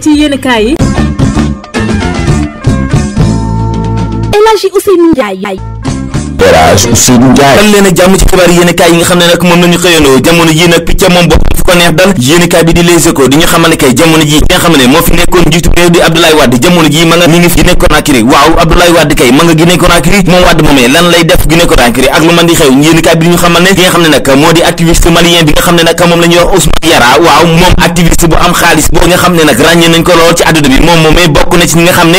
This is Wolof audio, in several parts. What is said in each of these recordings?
ci yenn kaay yi El Hadji Ousseynou Ndiaye élage Ousseynou Ndiaye dal leen a jàmm ci xibaar yéenekaay yi nga xam ne nag moom lañu xëyandoo jamono ji nag picca moom boppam fu ko neex dal yéenekaay bi di Les Échos di ñu xamal ne kay jamono ji nga xam ne moo fi nekkoon njiitu réew di Abdoulaye Wade jamono ji ma nga mi ngi fi Guinée Conakry waaw Abdoulaye Wade kay ma nga Guinée Conakry moom Wade moomee lan lay def Guinée Conakry ak lu man di xew yéenekaay bi di ñu xamal ne ki nga xam ne nag moo di activiste malien bi nga xam ne nag moom la ñuy wax Ousmane Yara waaw moom activiste bu am xaalis boo nga xam ne nag ràññee nañ ko lool ci àdduna bi moom moomee bokk na ci ñi nga xam ne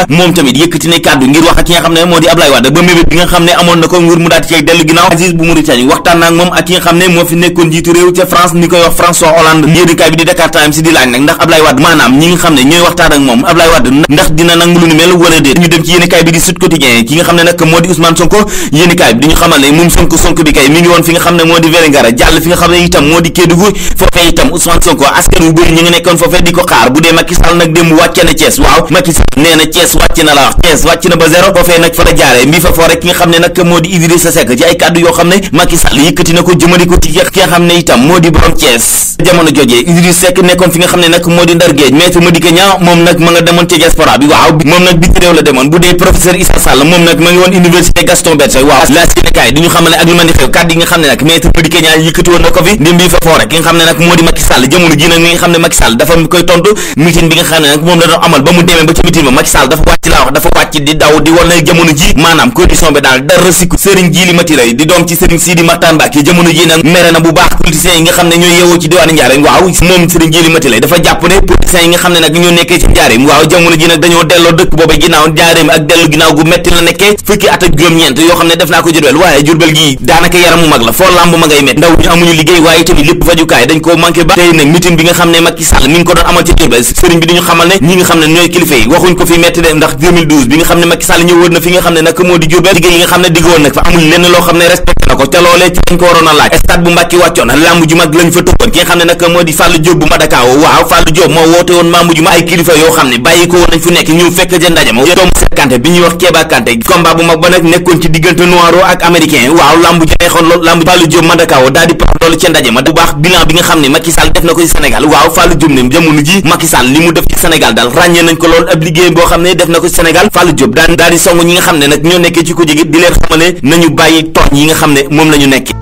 Camara moom tamit yëkkati na kàddu ngir wax ak ki nga xam ne moo di Ablaye Wade ba mébét bi nga xam ne amoon na ko ngir mu daal di dellu ginnaaw Aziz bu Mauritanie waxtaan nag moom moo di Ousmane Sonko yéenekaay bi di ñu xamal ne moom Sonko Sonko bi kay mi ngi woon fi nga xam ne moo di Vélingara jàll fi nga xam ne itam moo di Kédougou foofee itam Ousmane Sonko askan wu bëri ñu ngi nekkoon foofee di ko xaar bu dee Macky Sall nag dem wàcce Thiès wàcc na la wax wàcc na ba zéro foofee nag fa la jaare mbi fa foo rek nga xam ne nag moo di Idrissa Seck ci ay kàddu yoo xam ne Macky Sall yëkkati na ko jëmale ko ci ki nga xam ne itam moo di borom Thiès jamono jojee université Gaston dafa wàcc laa wax dafa wàcc di daw di wan na jamono ji maanaam condition bi daal dara sikku Serigne Djily Mati Lay di doom ci Serigne Sidi Makhtar Mbacké jamono ji nag mere na bu baax politiciens yi nga xam ne ñooy yeewoo ci diwaan diwaanu njaareem waaw moom sëriñ Jili Mati lay dafa jàpp ne politiciens yi nga xam ne nag ñoo nekkee ci njaareem waaw jamono ji nag dañoo ko doon amal ci jurbel sëriñ bi diñu xamal ne ñi nga xam ne ñooy kilifa yi ko fi metti de ndax bi nga xam ne Macky Sall ñëwoon na fi nga xam ne nag moo di jurbel liggéey yi nga xam ne diggoon nag fa amul lenn loo xam ne respecté na ko ca loolee ci dañ ko waroon a laaj stade bu Mbàkke wàccoon lamb ju mag ne nag moo di Fallou Diop bu waaw Fallou Diop moo woote woon maamu ju ay kilifa yoo xam ne bàyyi ko woon nañ fu nekk ñëw fekk wax Kéba Kanté combat ci diggante noiro ak américain waaw lambu ji ca ndaje ma bu baax bilan bi nga xam ne Macky def na ko ci Sénégal waaw Fallou Diop ne jamono ji Macky li mu def ci Sénégal daal ràññee nañ ko lool ab liggéey boo xam ne def na ko ci Sénégal Fallou Diop daal daal di song ñi nga xam ne nag ñoo nekkee ci ko jege di leen xamale nañu bàyyi tooñ yi nga xam ne moom la ñu nekkee